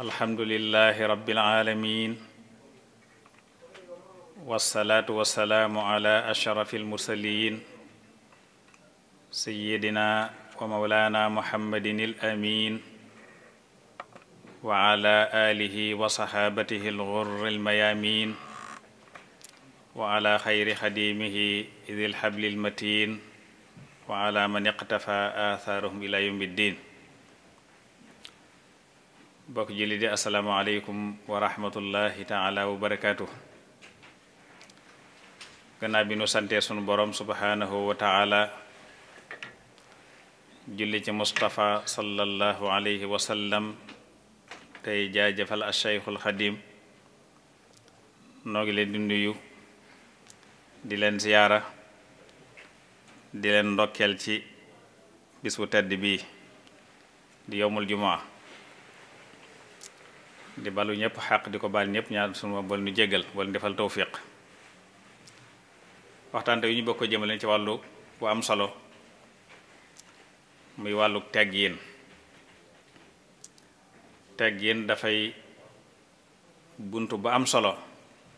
alhamdulillahi rabbil alamin wasalaatu wasalaamu ala ashrafi almursalin sayidina wa maulana muhammadin al amin wa ala alihi wa sahabatihi al ghurr al mayamin wa ala khayri khadimihi idil habli al matin wa ala man iqtafa atharuhum ila yawmiddin bokk julli di asalaamaaleykum wa rahmatullahi taala wa barakaatu. gannaaw bi nu santee sunu borom subhaanahu wa taala julli ci Mustapha sallallahu alayhi wa sallam tey jaajëfal ashaykhul xadim noo ngi leen di di leen ziyaara di leen ndokkeel ci bis bu di yowmul jumaa di balu ñëpp xaq di ko bal ñëpp ñaar suma moom bal nu jéggal wala defal tawfiq waxtaante yu ñu bokk ko ci wàllu bu am solo muy wàllu teggin teggin dafay bunt bu am solo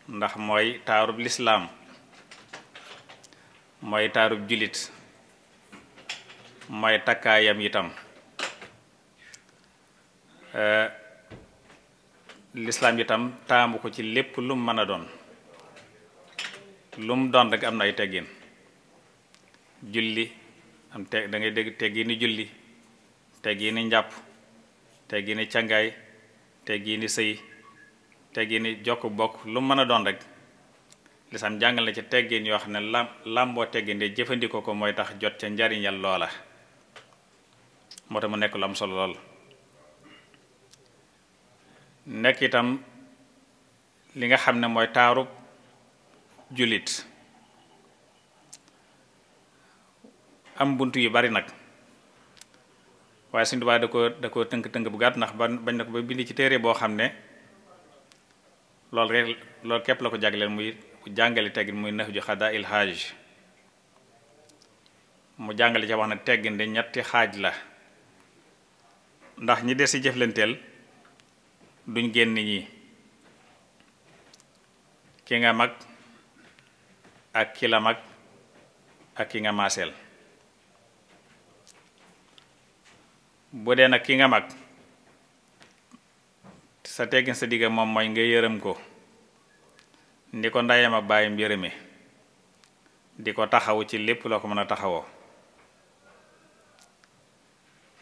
ndax mooy taarub lislaam mooy taarub jullit mooy takkaayam itam lislaam itam taamu ko ci lépp lum mën a doon lum doon rek am na ay teggin julli am te da ngay dégg teggini julli teggini njàpp teggini cangaay teggini sëy teggini jokk bokk lum mën a doon rek lislaam jàngal na ci teggin yoo xam ne làmboo teggin de jëfandikoo ko mooy tax jot ca njariñal loola moo tax mu nekk lu am solo lool nekk itam li nga xam ne mooy taaru jullit am bunt yu bari nag waaye Sëñ Tuubaa da ko da ko tënk-tënk bu gàtt ndax bañ na ko ba bind ci téere boo xam ne loolu rek loolu képp la ko jagleel muy jàngale teggin muy nax ju xada il mu jàngale ca wax ne teggin de ñetti xaaj la ndax ñi des ci jëflanteel duñ génn ñi ki nga mag ak ki mag ak ki nga maaseel bu dee nag ki nga mag sa teggin sa digga moom mooy nga yërëm ko ndi ko ndeyam ak baayam yërëme di ko taxawu ci lépp loo ko mën a taxawoo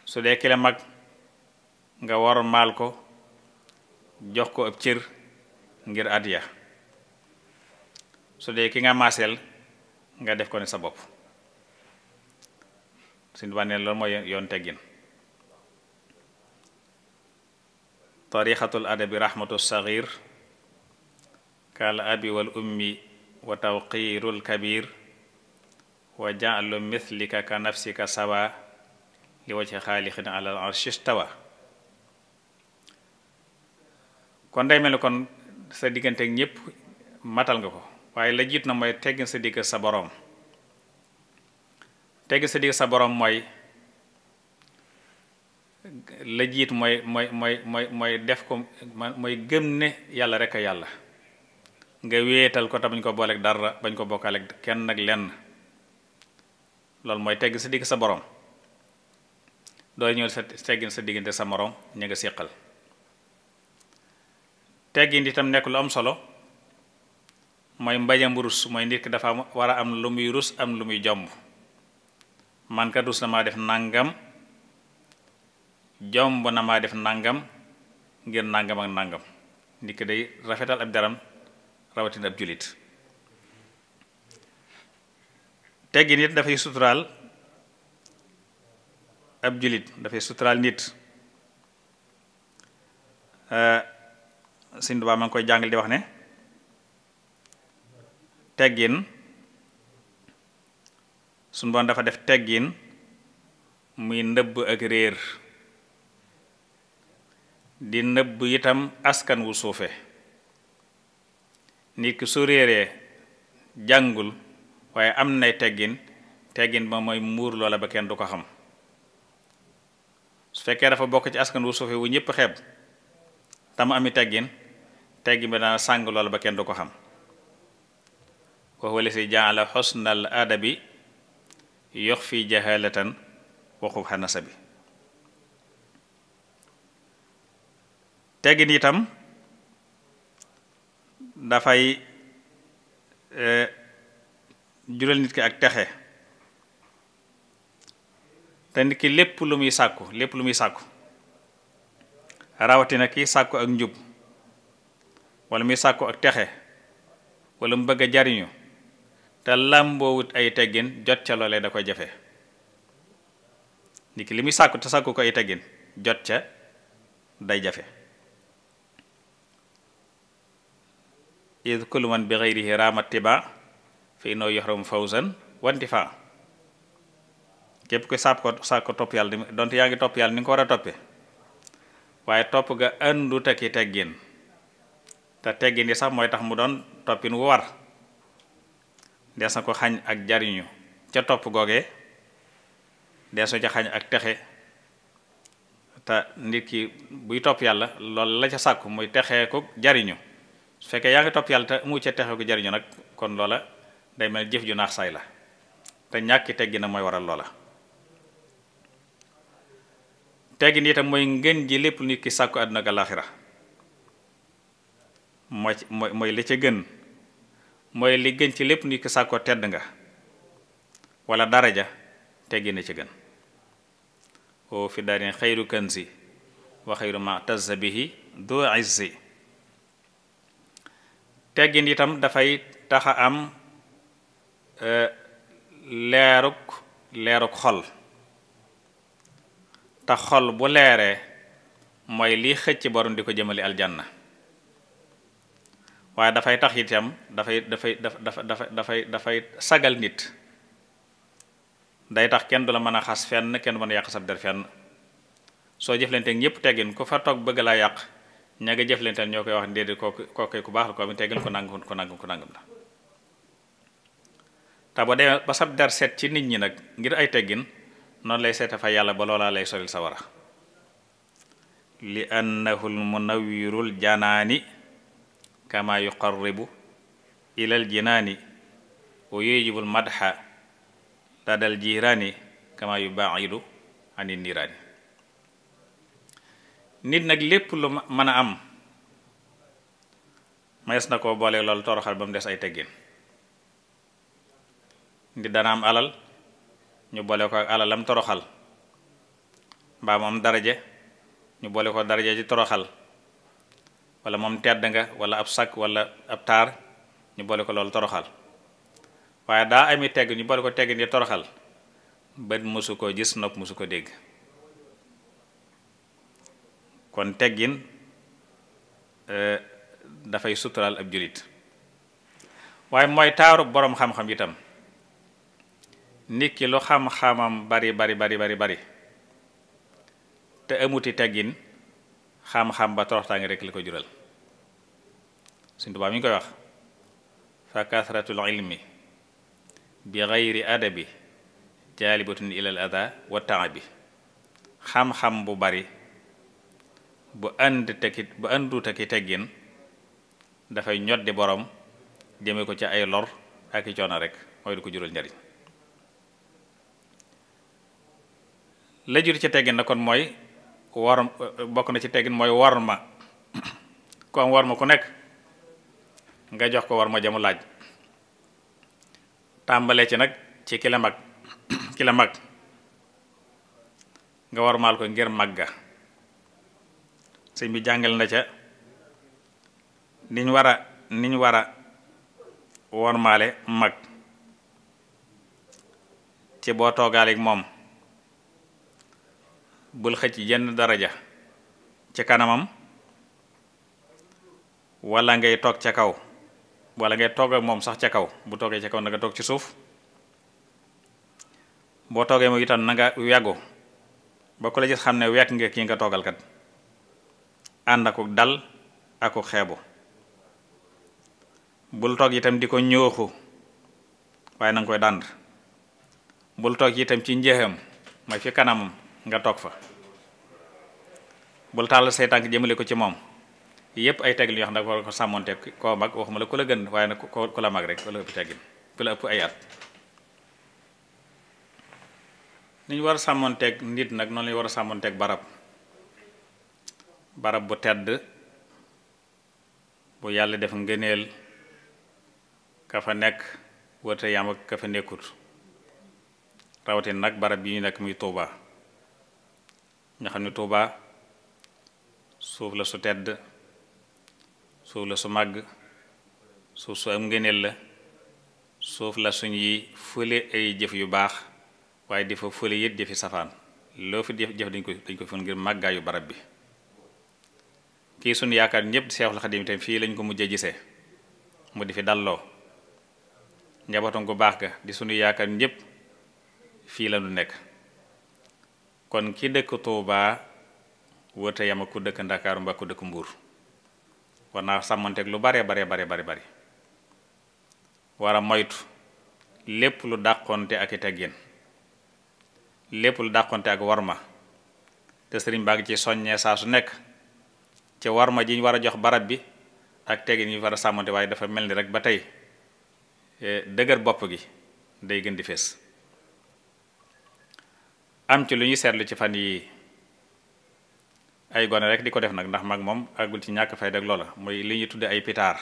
su dee ki nga war maal ko jox ko ab cër ngir adiya su dee ki nga maaseel nga def ko ne sa bopp suñu bànneel loolu mooy yoon teggin tarixatul adabi rahmatu saxiir kal abi wal ummi wa tawqiirul kabir wa jaalu mithlika ka nafsika sawa li wacci xaalixin alal arshi stawa kon day mel ni kon sa diggante ñépp matal nga ko waaye la jiit na mooy teggin sa digg sa boroom teggin sa digg sa boroom mooy la jiit mooy mooy mooy mooy mooy def ko mooy gëm ne yàlla rek a yàlla nga wéetal ko te bañ ko booleeg dara bañ ko bokkaaleeg kenn nag lenn loolu mooy teggin sa digg sa boroom doo ñëw sa teggin sa diggante sa moroom ña nga séqal teggin itam nekk lu am solo mooy mbañam rus mooy nit ki dafa war a am lu muy rus am lu muy jomb man ka rus na maa def nangam jomb na maa def nangam ngir nangam ak nangam nit day rafetal ab daram rawatina ab jullit teggi nit dafay suturaal ab julit dafay suturaal nit Sëñ Tuubaa ma ngi koy jàngal di wax ne teggin suñu dafa def teggin muy nëbb ak réer di nëbb itam askan wu suufe nit ki su réeree jàngul waaye am nay teggin teggin ba mooy muur loola ba kenn du ko xam su fekkee dafa bokk ci askan wu suufe wu ñëpp xeeb tam ami teggin tegg bi dana sàng lool ba kenn du ko xam wa huwa lasi jaala xusnal adabi yox fi jahalatan waxu xanasa bi teggin itam dafay e, jural nit ki ak texe te nit ki lépp lu muy sàkku lépp lu muy sàkku rawatina ki sàkku ak njub wala muy sàkku ak texe wala mu bëgg a jariñu te làmboowut ay teggin jot ca loolee da koy jafe nit li muy sàkku te sàkku koy ay jot ca day jafe id kullu man bi xeyrihi raama tiba fi noo yoxram fawzan wanti faa képp koy sàpp ko sàpp ko topp yàlla donte yaa ngi topp yàlla ni nga ko war a toppe waaye topp ga andu taki teggin te teggin yi sax mooy tax mu doon toppin wu war dees ko xañ ak jariñu ca topp googee dees na xañ ak texe te nit ki buy topp yàlla loolu la ca sàkku muy texee ko jariñu su fekkee yaa ngi topp yàlla te mu ca texe ko jariñu nag kon loola day mel jëf ju naax saay la te ñàkki teggin na mooy waral loola teggin itam mooy ngeen ji lépp nit ki sàkku àdduna ak alaaxira mooy mooy mooy li ca gën mooy li gën ci lépp ni ko sàkkoo tedd nga wala daraja teggi na ci gën o fi daarin xayru kanzi wa xayru ma tazza bihi do izzi teggin itam dafay taxa am e, leeruk leeruk xol te xol bu leeree mooy lii xëcc borom di ko jëmale aljanna waaye dafay tax itam dafay dafay dafa dafa dafay dafay sagal nit day tax kenn du la mën a xas fenn kenn du mën a yàq sab der fenn soo jëflanteeg ñëpp teggin ku fa toog bëgg laa yàq ña nga ñoo koy wax déedéet kooku kooku ku baax la ko mi teggin ko nangam ko nangam ko nangam la te ba ba sab der seet ci nit ñi nag ngir ay teggin noonu lay seete fa yàlla ba loolaa lay solil sa wara li annahu l munawwirul janaani كما يقرب إلى الجنان ويجب المدح لدى yu كما يباعد عن النيران nit nag lépp lu mën a am mayees na koo boole loolu toroxal ba mu des ay teggin nit dana am alal ñu boole ko ak alalam toroxal mbaa mu am daraje ñu boole ko daraje ci toroxal wala moom tedd nga wala ab sakk wala ab taar ñu boole ko loolu toroxal waaye daa ami tegg ñu boole ko tegg ni toroxal bët mosu ko gis nopp mosu ko dégg kon teggin e, dafay sutural ab julit waaye mooy taaru boroom xam-xam itam nit ki lu xam-xamam bari bari bari bari bari te amuti teggin xam-xam ba toroxtaange rek la ko jural Sëñ Tuubaa mi ngi koy wax fa kasratul ilmi bi gayri adabi jaalibatun ilal ada wa taabi xam-xam bu bari bu ànd tekki bu àndu tekki teggin dafay ñoddi borom jëme ko ca ay lor ak i coono rek mooy du ko jural njariñ la jur ci teggin na kon mooy war bokk na ci teggin mooy war ma ku am war ma ku nekk nga jox ko war ma jamu laaj tàmbalee ci nag ci ki la mag ki mag nga war ko ngir màgga sëñ bi jàngal na ca niñ war niñ war a war mag ci boo toogaaleeg moom bul xëcc jenn daraja ci kanamam wala ngay toog ca kaw wala ngay toog moom sax ca kaw bu toogee ca kaw na nga toog ci suuf boo toogee mu itam na nga yàggu ba ku la gis xam ne wekk nga kii nga toogal kat ànd ak dal ak xeebu bul toog itam di ko ñooxu waaye na koy dànd bul toog itam ci njëxam ma fi kanamam nga toog fa bul tàll say tànk jëmale ko ci moom yépp ay teggin yoo xam ne war ko sàmmonte koo mag waxuma la ku la gën waaye nag ku la mag rek ku la ëpp teggin ku la ëpp ay at ni ñu war a sàmmonteeg nit nag noonu la war a sàmmonteeg barab barab bu tedd bu yàlla def ngëneel ka fa nekk wërte yam ak nekkut rawatin nag barab yi ñu nekk muy Tuuba nga xam ne Tuuba suuf la su tedd suuf la su màgg suuf su am ngëneel la suuf la suñuy fële ay jëf yu baax waaye di fa fële yit jëfi safaan loo fi jëf jëf dañ ko dañ ko fën ngir màggaayu barab bi kii suñu yaakaar ñëpp di Seexul Xadim fii lañ ko mujjee gisee mu di fi dalloo njabootam ko baax ga di suñu yaakaar ñëpp fii la ñu nekk kon ki dëkk Touba wërta yama ku dëkk Ndakaaru mbaa ku dëkk Mbuur war naa sàmmanteeg lu bare bare bare bare bare war a moytu lépp lu dàqonte ak i lépp lu dàqonte ak warma te sëriñ baa ngi ci soññee saa su nekk ci warma ji ñu war a jox barab bi ak teggin yi war a sàmmante waaye dafa mel ni rek ba tey eh, dëgër bopp gi day gën di fees am ci lu ñuy seetlu ci fan yii ay gone rek di ko def nag ndax mag moom àggul ci ñàkk fay deg loola mooy li ñuy tudde ay pitaar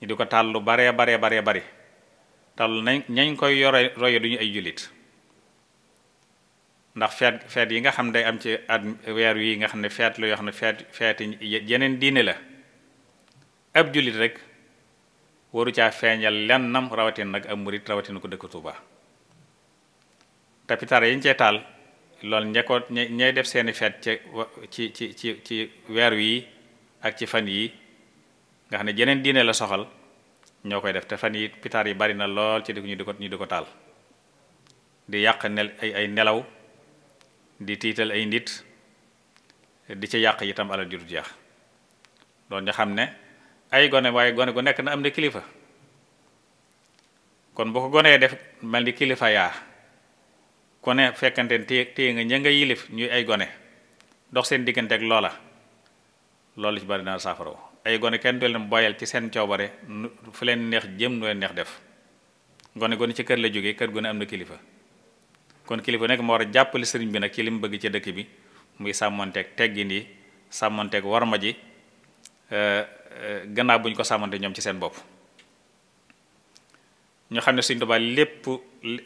ñu di ko tàll lu baree baree baree bari tàll nañ ñañ koy yore roye ñu ay jullit ndax feet feet yi nga xam day am ci at weer yi nga xam ne feet la yoo xam ne feet feeti yeneen diine la ab jullit rek waru caa feeñal lennam rawatin nag ab murit rawatin ko dëkk Tuuba te pitaar yi ñu cee taal loolu ñe ko ñay def seeni feet ci ci ci ci weer wi ak ci fan yi nga xam ne jeneen diine la soxal ñoo koy def te fan yi pitaar yi bari na lool ci di ñu di ko ñu di ko taal di yàq nel ay ay nelaw di tiital ay nit di ci yàq itam alal ju du jeex loolu ñu xam ne ay gone waaye gone gu nekk na am na kilifa kon bu ko gonee def mel ni kilifa yaa ku ne fekkante téye téye nga ña nga yilif ñuy ay gone dox seen diggante ak loola loolu ci bari naa saafara ay gone kenn du leen boyal ci seen coobare fu leen neex jëm nu leen neex def gone gone ci kër la jógee kër gone am na kilifa kon kilifa nekk moo war a jàppale sëriñ bi nag ci li mu bëgg ci dëkk bi muy sàmmanteeg teggin yi sàmmanteeg warma ji euh, euh, gannaaw bu ñu ko sàmmante ñoom ci seen bopp ñu xam ne Sëriñ Tuubaa lépp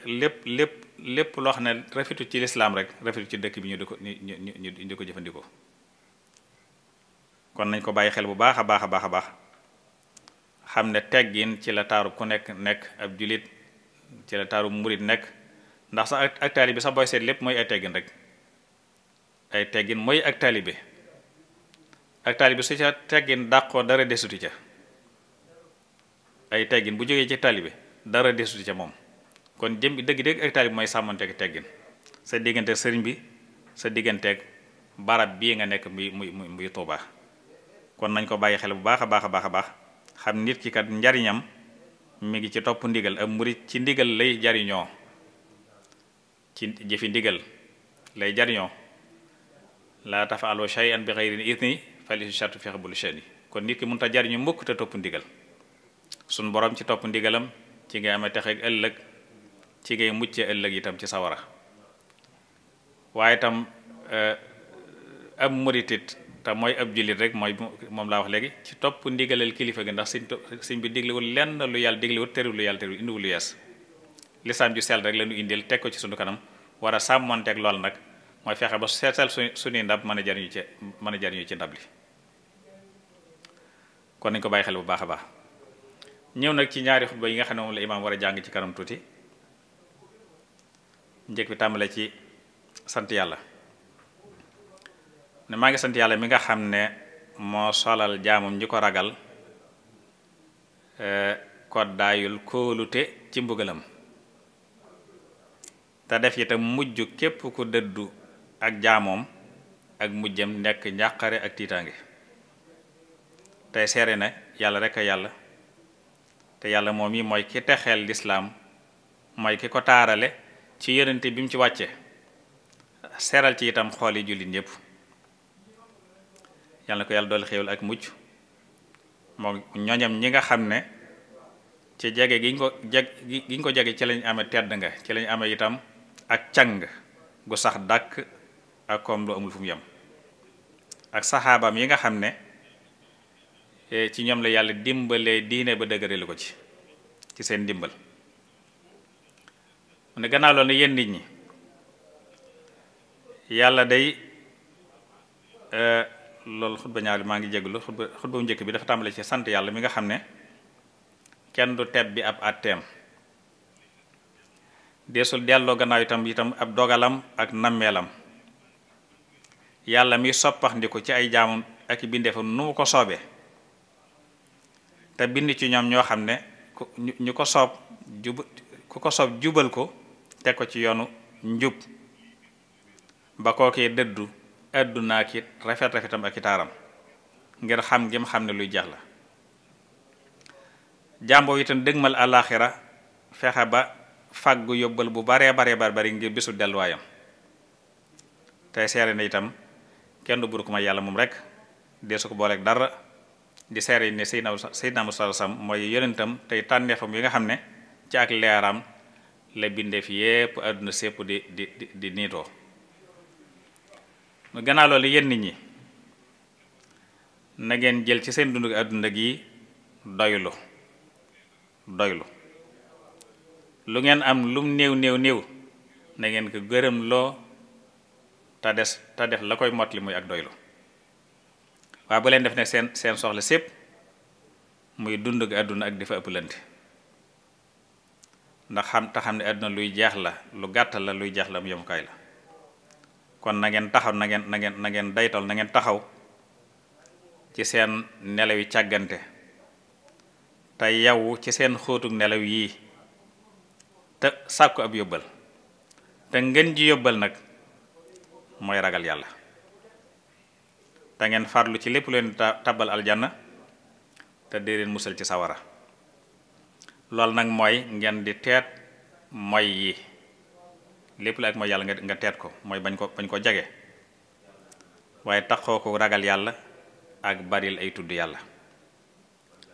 lépp lépp loo xam ne rafetu ci lislaam rek rafetu ci dëkk bi ñu du ko ñu ñu ñu ko jëfandikoo kon nañ ko bàyyi xel bu baax a baax a baax a baax xam ne teggin ci la taaru ku nekk nekk ab julit ci la taaru murit nekk ndax sax ak taalibe sax booy seet lépp mooy ay teggin rek ay teggin mooy ak taalibe ak taalibe su ca teggin dàqoo dara desuti ca ay teggin bu jógee ci taalibe dara desuti ca moom kon jëm bi dëgg-dëgg ak taalib mooy sàmmanteeg teggin sa diggante sëriñ bi sa digganteeg barab bii nga nekk muy muy muy muy Tuuba kon nañ ko bàyyi xel bu baax a baax a baax a baax xam nit ki kat njariñam mu ngi ci topp ndigal ak murit ci ndigal lay jariñoo ci jëfi ndigal lay jariñoo laa tafaalu shay'an bi ghayri idni fexe shartu fi qabuli shay'in kon nit ki mënut a jariñu mukk te topp ndigal sun borom ci topp ndigalam ci ngay amee texeeg ëllëg ci ngay muccee ëllëg itam ci sawara waaye itam e, ab muritit te mooy ab jullit rek mooy moom laa wax léegi ci topp ndigalal kilifa gi ndax siñ siñ bi diglewul lenn lu yàlla diglewul terewul lu yàlla terewul indiwul lu yees lislaam ju sel rek la ñu indil teg ko ci sunu kanam wara a sàmmonteeg lool nag mooy fexe ba seetal su suñuy ndab mën a jariñu ci mën a jariñu ci ndab li kon nañ ko bàyyi xel bu baax a baax ñëw nag ci ñaari xutba yi nga xam ne moom la imaam war a jàng ci kanam tuuti njëkk bi tàmbale ci sant yàlla ne maa ngi sant yàlla mi nga xam ne moo solal jaamam ñi ko ragal eh, koddaayul kóolute ci mbugalam te def itam mujj képp ko dëddu ak jaamoom ak mujjam nekk njàqare ak tiitaange tey seere na yàlla rek a yàlla te yàlla moom yi mooy ki texeel lislaam mooy ki ko taarale ci yonente bi mu ci wàcce seral ci itam xooli yi jullit yàlla ko yàlla dool xéewal ak mucc moom ñoñam ñi nga xam ne ci jege giñ ko jeg giñ ko jege ci lañ amee tedd nga ci lañ ame itam ak càng gu sax dàkk ak koom lu amul fu mu yem ak saxaabam yi nga xam ne Eh, ci ñoom la yàlla dimbalee diine ba dëgërale ko ci ci seen dimbal mu ne gannaaw loolu yéen nit ñi yàlla day eh, loolu xutba ñaar maa ngi jéglu xutba xutba bu njëkk bi dafa tàmbale ci sant yàlla mi nga xam ne kenn du teb bi ab àtteem deesul delloo gannaaw itam itam ab dogalam ak nammeelam yàlla mi soppax ci ay jaamam ak i bindeefam nu mu ko soobe te bind ci ñoom ñoo xam ne ku ñu ko soob jub ku ko soob jubal ko teg ko ci yoonu njub ba kookee dëddu àddunaa kiit rafet rafetam ak itaaram ngir xam ngim xam ne luy jeex la jàmboo itam dëgmal àllaaxira fexe ba fàggu yóbbal bu baree baree bari bari ngir bisu delluwaayam tey seere na itam kenn du buru ko ma yàlla moom rek dee su ko booleeg dara di seere yi ne sa Seydina Musaa sam mooy yonentam tey tànneefam yi nga xam ne ci ak leeraam la bindeef yépp àdduna sépp di di di niitoo mu gannaaw loolu yéen nit ñi na ngeen jël ci seen dundu àdduna gi doylu doylu lu ngeen am lum néew néew néew na ngeen ko gërëm loo te des te def la koy mot li muy ak doylu waa bu leen def ne seen seen soxla sépp muy dund ak àdduna ak di fa ëppalante ndax xam te xam ne àdduna luy jeex la lu gàtt la luy jeex la am yemukaay la kon na ngeen taxaw nangeen nangeen na ngeen na ngeen taxaw ci seen nelaw càggante te yow ci seen xóotug nelaw yii te sàkku ab yóbbal te ngeen ji yóbbal nag mooy ragal yàlla te ngeen farlu ci lépp leen tabal aljanna te dee leen musal ci sawara loolu nag mooy ngeen di teet mooy yi lépp la ak mooy yàlla nga teet ko mooy bañ ko bañ ko jage waaye taxoo ko ragal yàlla ak baril ay tudd yàlla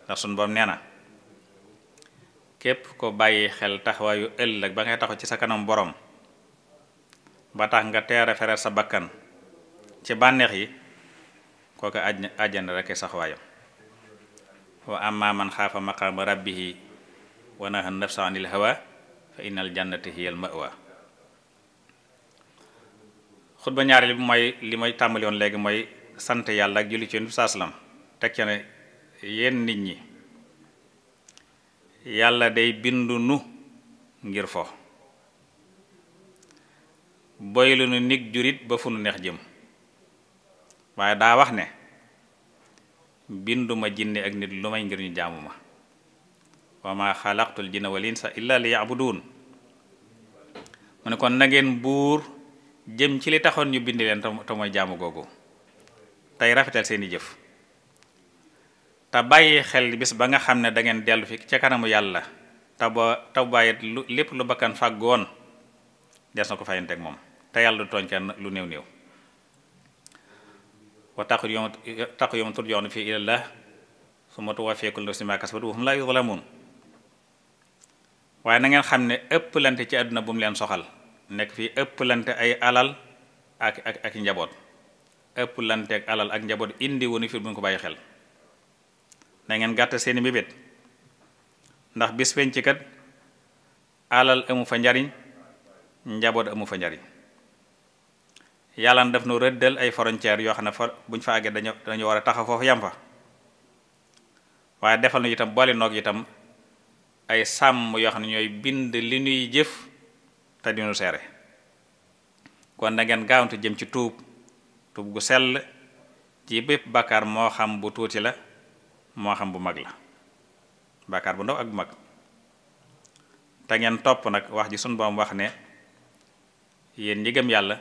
ndax sun boom nee na képp ko bàyyi xel taxawaayu ëllëg ba ngay taxaw ci sa kanam boroom ba tax nga teere fereer sa bakkan ci bànneex yi kooka àjjana rek sax waayam wa amma man xaafa maqaama rabbihi wa naha nafsa anil hawa fa innal jannata hiya al mawa xutba ñaareel bi mooy li may tàmbali léegi mooy sant yàlla ak julli ci yonent bi teg ca ne yéen nit ñi yàlla day bind nu ngir fo boylu nu nig jurit ba fu nu neex jëm waaye daa wax ne binduma jinne ak nit lu may ngir ñu jaamu ma wa ma xalaqtul jinna wal insa illa li yabudun mu ne kon na ngeen buur jëm ci li taxoon ñu bind leen te mooy jaamu googu tey rafetal seeni jëf te bàyyi xel bis ba nga xam ne dangeen dellu fi ca kanamu yàlla taba tabayit lu lépp lu bakkan fàggoon des na ko fayanteeg moom te yàlla du tooñ lu néew néew wa taqu yom taqu yom turjoon fii ilallah summa tuwaffiya kullu nafsin maa kasabat wa waaye na ngeen xam ne ëpplante ci àdduna bu mu leen soxal nekk fii ëpplante ay alal ak ak ak njaboot ëpplante ak alal ak njaboot indi wunu fi bu ñu ko bàyyi xel na ngeen gàtt seeni mbébét ndax bis penc kat alal amu fa njariñ njaboot amu fa njariñ yàlla def nu rëddal ay frontières yoo xam ne fa buñ fa àggee dañu dañu war a taxa foofu yam fa waaye defal nu itam boole noog itam ay sàmm yoo xam ne ñooy bind li ñuy jëf te dinu seere kon da ngeen gaawantu jëm ci tuub tuub gu sell ci bépp bàkkaar moo xam bu tuuti la moo xam bu mag la bàkkaar bu ndaw ak bu mag te ngeen topp nag wax ji sunu Boroom wax ne yéen ñi yàlla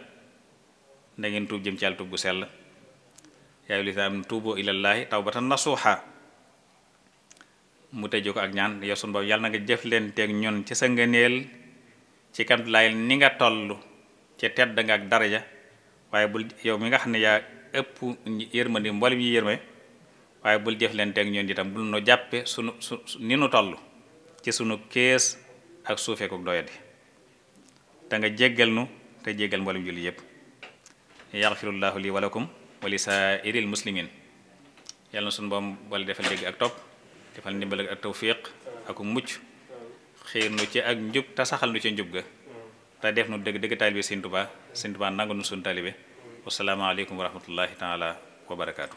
nangeen ngeen tuub jëm ci yàlla tuub gu sell yaayu lislaam tuuboo ilallaahi tawbatan nasuuxa mu tëjee ko ak ñaan yow sunu boobu yàlla na nga jëf leen teg ñun ci sa ngëneel ci kam laay ni nga toll ci tedd nga ak daraja waaye bul yow mi nga xam ne yaa ëpp yërmandi mboolem yi yërme waaye bul jëf leen teeg ñun itam bul nu jàppe sunu su ni nu toll ci sunu kees ak suufeeku doyadi te nga jéggal nu te jéggal mboolem julli yépp yaxfirullahu lii walakum wa li saa'iril muslimin yàlla na suñu boom wala defal dégg ak topp defal ndimbal ak tawfiq ak mucc xiir nu ci ak njub te saxal nu ci njub ga te def nu dëgg dëgg taalibe Sëñ Tuubaa Sëñ Tuubaa nangu nu suñu taalibe wasalaamaaleykum wa rahmatullahi taala wa barakaatu.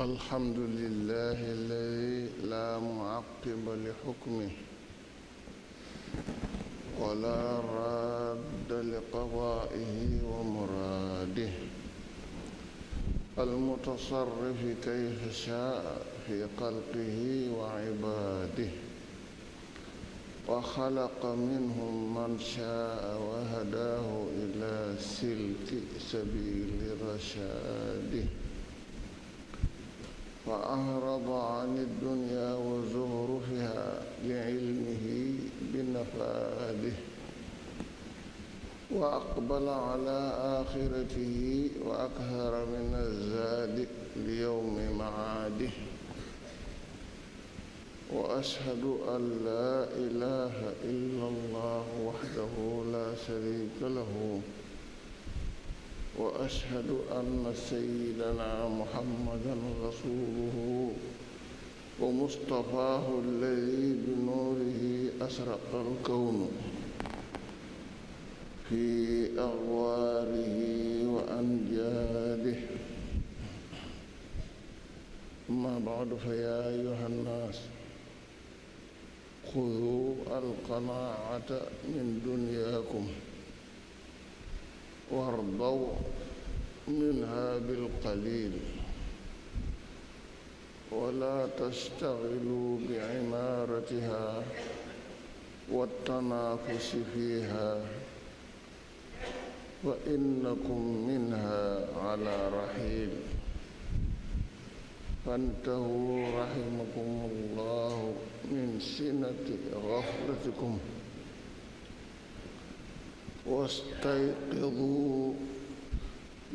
الحمد لله الذي لا معقب لحكمه ولا راد لقضائه ومراده المتصرف كيف شاء في خلقه وعباده وخلق منهم من شاء وهداه إلى سلك سبيل رشاده وأعرض عن الدنيا وزخرفها لعلمه بنفاذه وأقبل على آخرته وأكثر من الزاد ليوم معاده وأشهد أن لا إله إلا الله وحده لا شريك له واشهد ان سيدنا محمدا رسوله ومصطفاه الذي بنوره اشرق الكون في اغواره وانجاده اما بعد فيا ايها الناس خذوا القناعه من دنياكم وارضوا منها بالقليل ولا تشتغلوا بعمارتها والتنافس فيها فإنكم منها على رحيل فانتهوا رحمكم الله من سنة غفلتكم واستيقظوا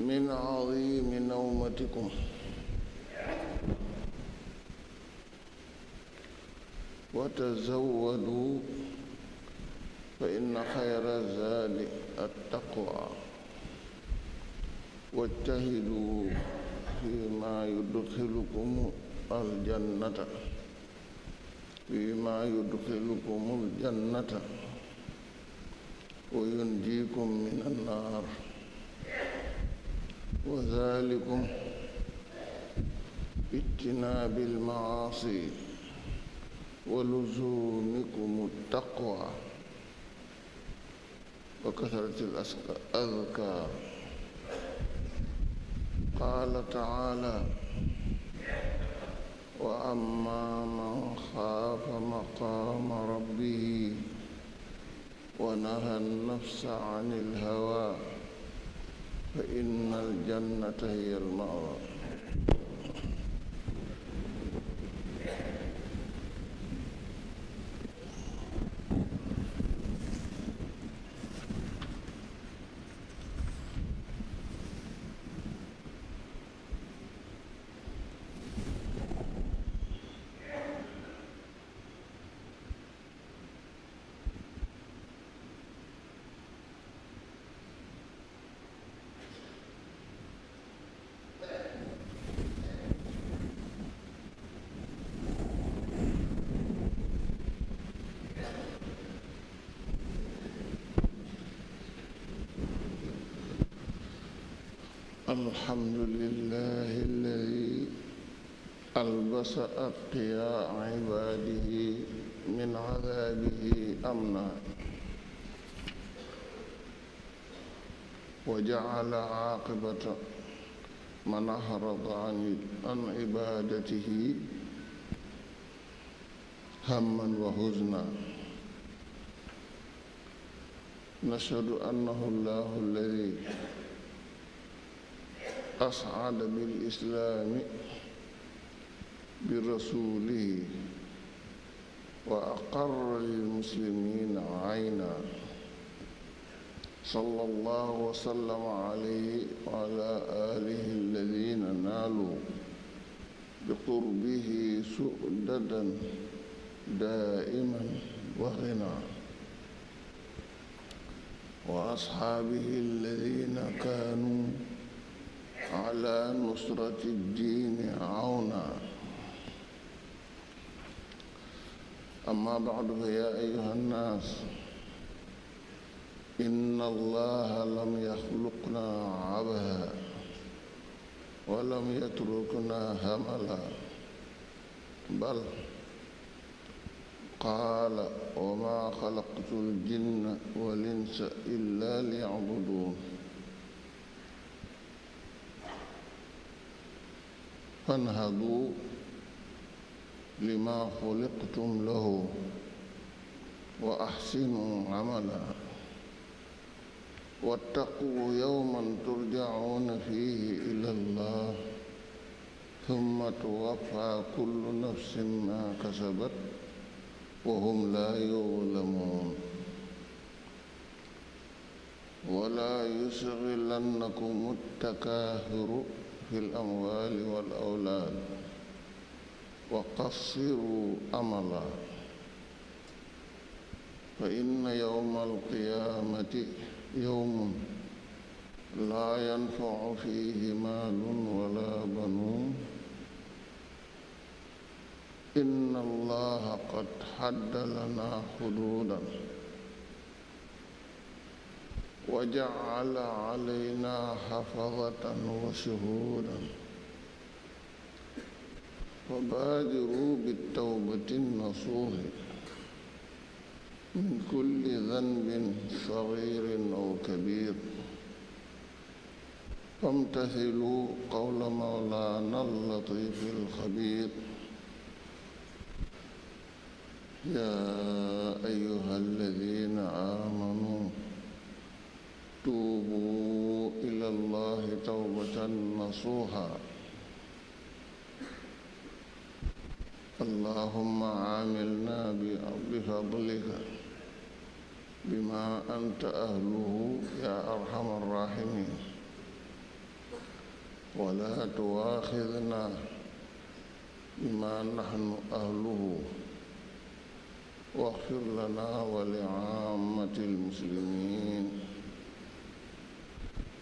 من عظيم نومتكم وتزودوا فإن خير الزاد التقوى واجتهدوا فيما يدخلكم الجنة فيما يدخلكم الجنة وينجيكم من النار وذلكم باجتناب المعاصي ولزومكم التقوى وكثرة الأذكار قال تعالى وأما من خاف مقام ربه ونهى النفس عن الهوى فإن الجنة هي المأوى الحمد لله الذي ألبس أتقياء عباده من عذابه أمنا وجعل عاقبة من أعرض عن عبادته هما وحزنا نشهد أنه الله الذي أسعد بالإسلام برسوله وأقر للمسلمين عينا صلى الله وسلم عليه وعلى آله الذين نالوا بقربه سؤددا دائما وغنى وأصحابه الذين كانوا على نصرة الدين عونا أما بعد فيا أيها الناس إن الله لم يخلقنا عبها ولم يتركنا هملا بل قال وما خلقت الجن والإنس إلا ليعبدون فانهضوا لما خلقتم له وأحسنوا عملا واتقوا يوما ترجعون فيه إلى الله ثم توفى كل نفس ما كسبت وهم لا يظلمون ولا يشغلنكم التكاثر في الأموال والأولاد وقصروا أملا فإن يوم القيامة يوم لا ينفع فيه مال ولا بنون إن الله قد حد لنا حدوداً وجعل علينا حفظة وشهودا وبادروا بالتوبة النصوح من كل ذنب صغير أو كبير فامتثلوا قول مولانا اللطيف الخبير يا أيها الذين آمنوا وتوبوا إلى الله توبة نصوحا اللهم عاملنا بفضلك بما أنت أهله يا أرحم الراحمين ولا تواخذنا بما نحن أهله واغفر لنا ولعامة المسلمين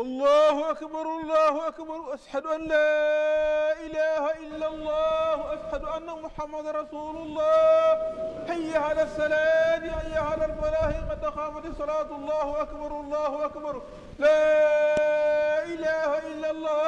allahu akbar allahu akbar ashadu an laa ilaha illa allah ashadu anna muhammadan rasulullah hayya ala salaati hayya ala alfalaahi qad qaamat salaatu allahu akbar allahu akbar laa ilaha illa allah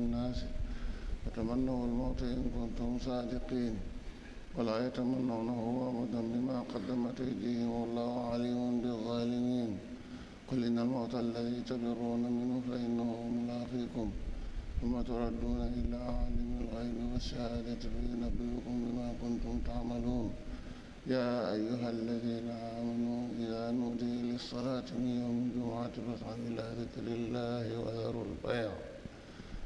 فتمنوا الموت إن كنتم صادقين ولا يتمنونه أبدا بما قدمت أيديهم والله عليم بالظالمين قل إن الموت الذي تبرون منه فإنه ملاقيكم وما تردون إلا عالم الغيب والشهادة فينبئكم بما كنتم تعملون يا أيها الذين آمنوا إذا نودي للصلاة من يوم الجمعة فاسعوا إلى ذكر الله وذروا البيع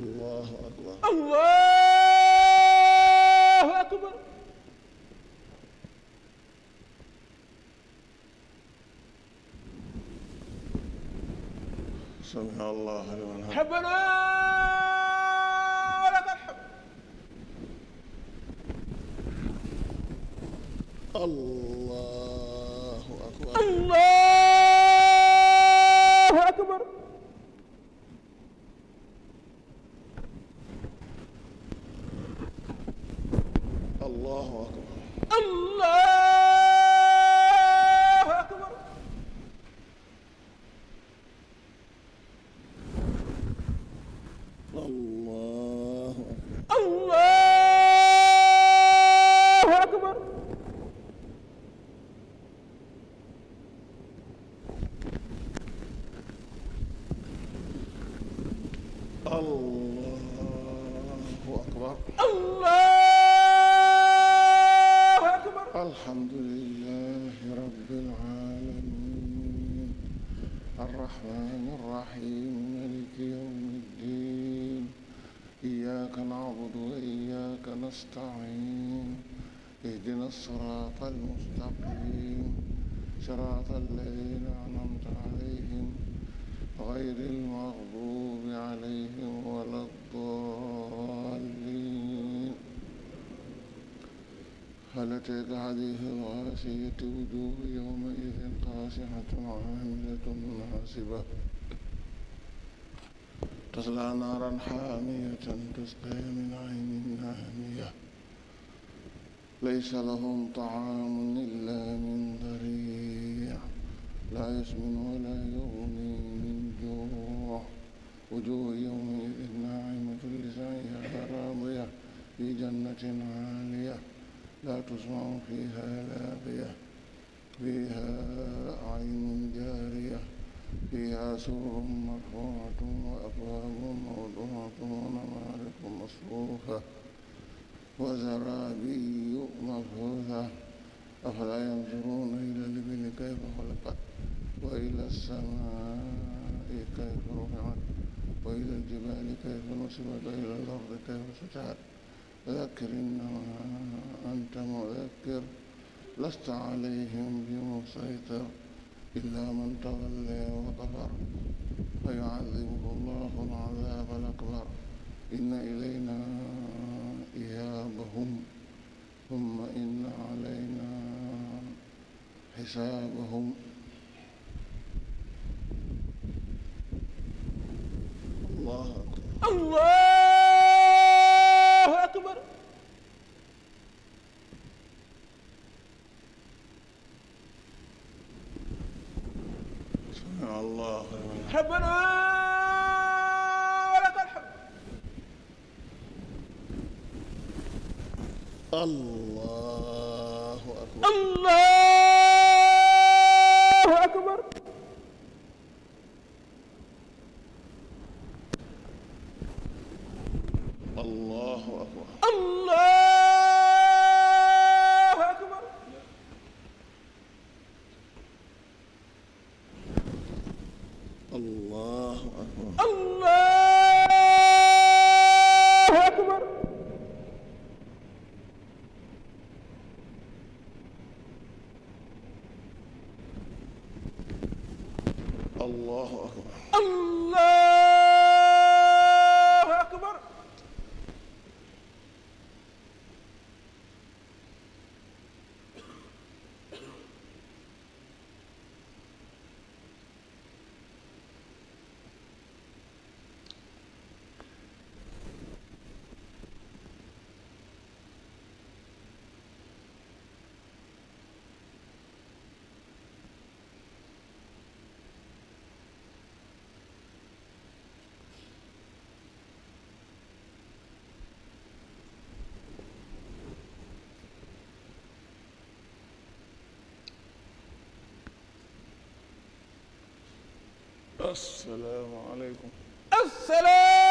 allahu akbar allahu akbar sami allahu liman rabbana lakal hamd allahu akbar allah Allahu akbar الحديث الواسية وجوه يومئذ خاشعة عاملة ناصبة تصلى نارا حامية تسقى من عين آنية ليس لهم طعام تسمع فيها لاغية فيها أعين جارية فيها سور مرفوعة وأبواب موضوعة ونمارق مصفوفة وزرابي مبثوثة أفلا ينظرون إلى الإبل كيف خلقت وإلى السماء كيف رفعت وإلى الجبال كيف نصبت وإلى الأرض كيف سطحت ذكر إنما أنت مذكر لست عليهم بمسيطر إلا من تولي وكفر فيعذبه الله العذاب الأكبر إن إلينا إيابهم ثم إن علينا حسابهم الله أكبر الله الله ربنا ولك الحمد الله أكبر الله asalaamaaleykum asalaam